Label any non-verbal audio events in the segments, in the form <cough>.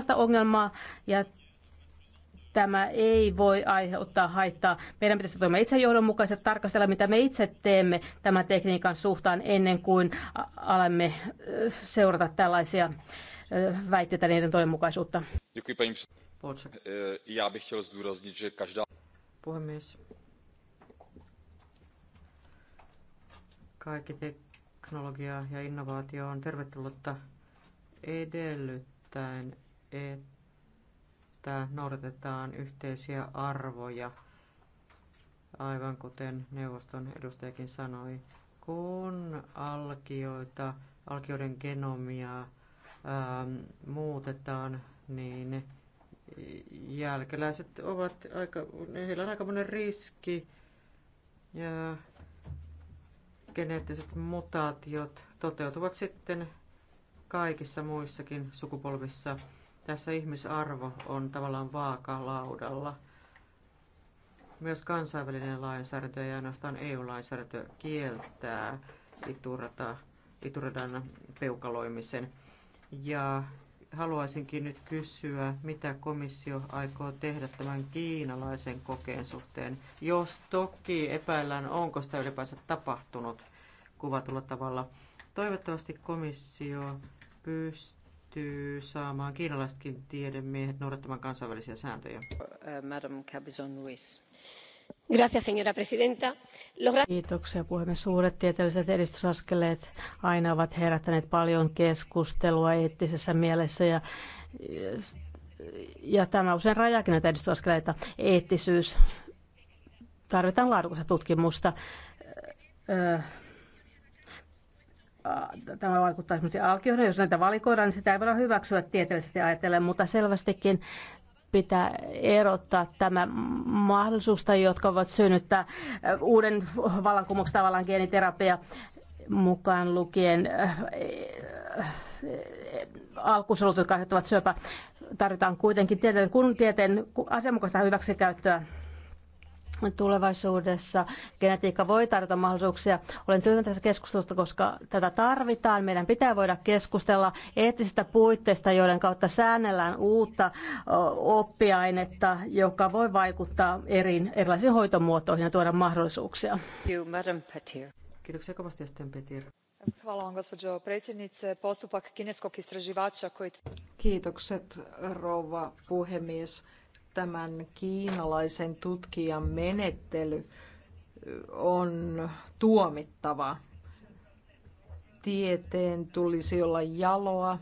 tästä ongelmaa ja tämä ei voi aiheuttaa haittaa. Meidän pitäisi toimia itse johdonmukaisesti tarkastella, mitä me itse teemme tämän tekniikan suhtaan ennen kuin alamme seurata tällaisia väitteitä niiden todenmukaisuutta. E, Puhemies. Kaikki teknologia ja innovaatio on tervetullutta edellyttäen, että noudatetaan yhteisiä arvoja, aivan kuten neuvoston edustajakin sanoi. Kun alkioita, alkioiden genomia ää, ähm, muutetaan, niin jälkeläiset ovat aika, heillä on monen riski ja geneettiset mutaatiot toteutuvat sitten kaikissa muissakin sukupolvissa tässä ihmisarvo on tavallaan vaakalaudalla. Myös kansainvälinen lainsäädäntö ja ainoastaan EU-lainsäädäntö kieltää iturata, ituradan peukaloimisen. Ja haluaisinkin nyt kysyä, mitä komissio aikoo tehdä tämän kiinalaisen kokeen suhteen, jos toki epäillään, onko sitä ylipäänsä tapahtunut kuvatulla tavalla. Toivottavasti komissio pystyy pystyy saamaan kiinalaisetkin tiedemiehet noudattamaan kansainvälisiä sääntöjä. Madam Cabezon Ruiz. Gracias, señora presidenta. Logra- Kiitoksia puhemies. Suuret tieteelliset edistysaskeleet aina ovat herättäneet paljon keskustelua eettisessä mielessä ja ja tämä usein rajaakin näitä edistysaskeleita, eettisyys, tarvitaan laadukasta tutkimusta, tämä vaikuttaa esimerkiksi alkioihin. Jos näitä valikoidaan, niin sitä ei voida hyväksyä tieteellisesti ajatellen, mutta selvästikin pitää erottaa tämä mahdollisuus, tai jotka voivat synnyttää uuden vallankumouksen tavallaan geeniterapia mukaan lukien alkusolut, jotka aiheuttavat syöpä Tarvitaan kuitenkin tieteen, kun tieteen asianmukaista hyväksikäyttöä tulevaisuudessa genetiikka voi tarjota mahdollisuuksia. Olen tyytyväinen tässä keskustelusta, koska tätä tarvitaan. Meidän pitää voida keskustella eettisistä puitteista, joiden kautta säännellään uutta oppiainetta, joka voi vaikuttaa eri, erilaisiin hoitomuotoihin ja tuoda mahdollisuuksia. Kiitoksia kovasti, Esten Petir. Postupak Kiitokset, rouva puhemies tämän kiinalaisen tutkijan menettely on tuomittava. Tieteen tulisi olla jaloa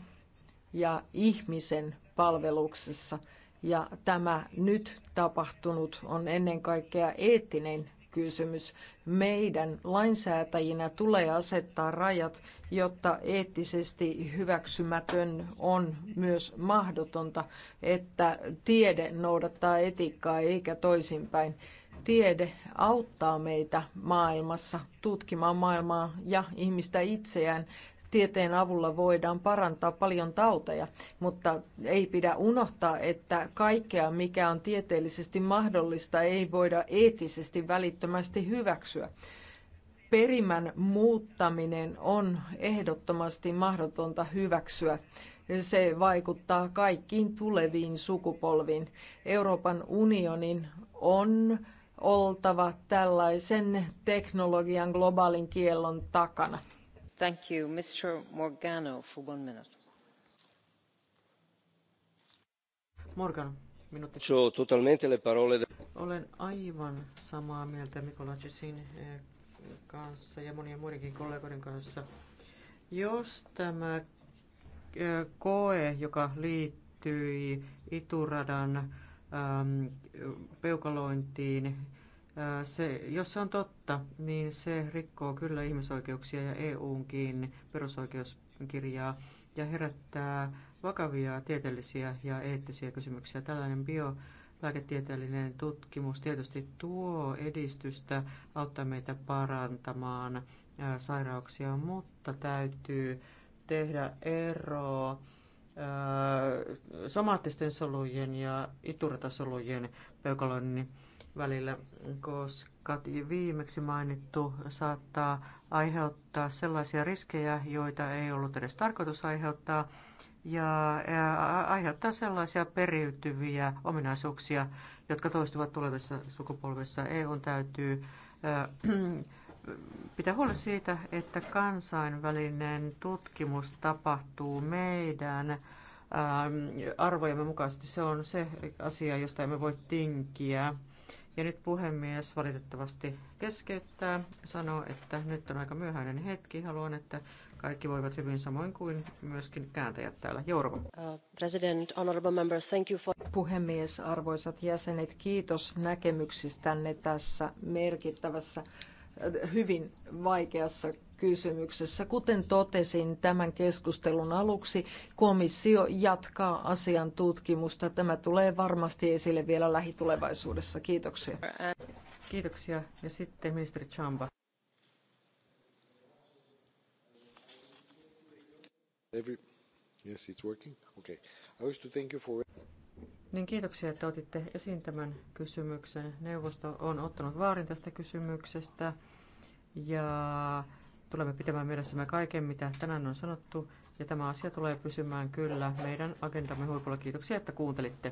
ja ihmisen palveluksessa. Ja tämä nyt tapahtunut on ennen kaikkea eettinen kysymys. Meidän lainsäätäjinä tulee asettaa rajat, jotta eettisesti hyväksymätön on myös mahdotonta, että tiede noudattaa etiikkaa eikä toisinpäin. Tiede auttaa meitä maailmassa tutkimaan maailmaa ja ihmistä itseään tieteen avulla voidaan parantaa paljon tauteja, mutta ei pidä unohtaa, että kaikkea, mikä on tieteellisesti mahdollista, ei voida eettisesti välittömästi hyväksyä. Perimän muuttaminen on ehdottomasti mahdotonta hyväksyä. Se vaikuttaa kaikkiin tuleviin sukupolviin. Euroopan unionin on oltava tällaisen teknologian globaalin kiellon takana. Morgan, Olen aivan samaa mieltä cicin eh, kanssa ja monien muidenkin kollegoiden kanssa. Jos tämä eh, koe, joka liittyi Ituradan peukalointiin, se, jos se on totta, niin se rikkoo kyllä ihmisoikeuksia ja EUnkin perusoikeuskirjaa ja herättää vakavia tieteellisiä ja eettisiä kysymyksiä. Tällainen biolääketieteellinen tutkimus tietysti tuo edistystä, auttaa meitä parantamaan sairauksia, mutta täytyy tehdä ero somaattisten solujen ja iturtasolujen peukalon välillä, koska viimeksi mainittu saattaa aiheuttaa sellaisia riskejä, joita ei ollut edes tarkoitus aiheuttaa, ja aiheuttaa sellaisia periytyviä ominaisuuksia, jotka toistuvat tulevissa sukupolvissa. EU täytyy <clears throat> pitää huoli siitä, että kansainvälinen tutkimus tapahtuu meidän arvojemme mukaisesti. Se on se asia, josta emme voi tinkiä. Ja nyt puhemies valitettavasti keskeyttää, sanoo, että nyt on aika myöhäinen hetki. Haluan, että kaikki voivat hyvin samoin kuin myöskin kääntäjät täällä. Jourova. Uh, President, honorable members, thank you for... Puhemies, arvoisat jäsenet, kiitos näkemyksistänne tässä merkittävässä hyvin vaikeassa kysymyksessä. Kuten totesin tämän keskustelun aluksi, komissio jatkaa asian tutkimusta. Tämä tulee varmasti esille vielä lähitulevaisuudessa. Kiitoksia. Kiitoksia. Ja sitten ministeri Chamba. Every... Yes, it's working. Okay. I wish to thank you for... Niin kiitoksia, että otitte esiin tämän kysymyksen. Neuvosto on ottanut vaarin tästä kysymyksestä ja Tulemme pitämään mielessämme kaiken, mitä tänään on sanottu, ja tämä asia tulee pysymään kyllä meidän agendamme huipulla. Kiitoksia, että kuuntelitte.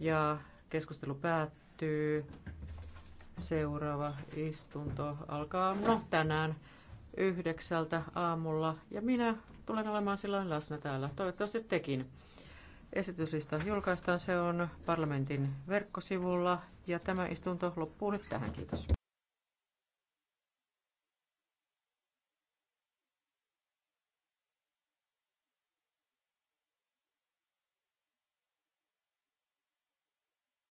Ja keskustelu päättyy. Seuraava istunto alkaa no, tänään yhdeksältä aamulla ja minä tulen olemaan silloin läsnä täällä. Toivottavasti tekin. Esityslista julkaistaan, se on parlamentin verkkosivulla ja tämä istunto loppuu nyt tähän. Kiitos.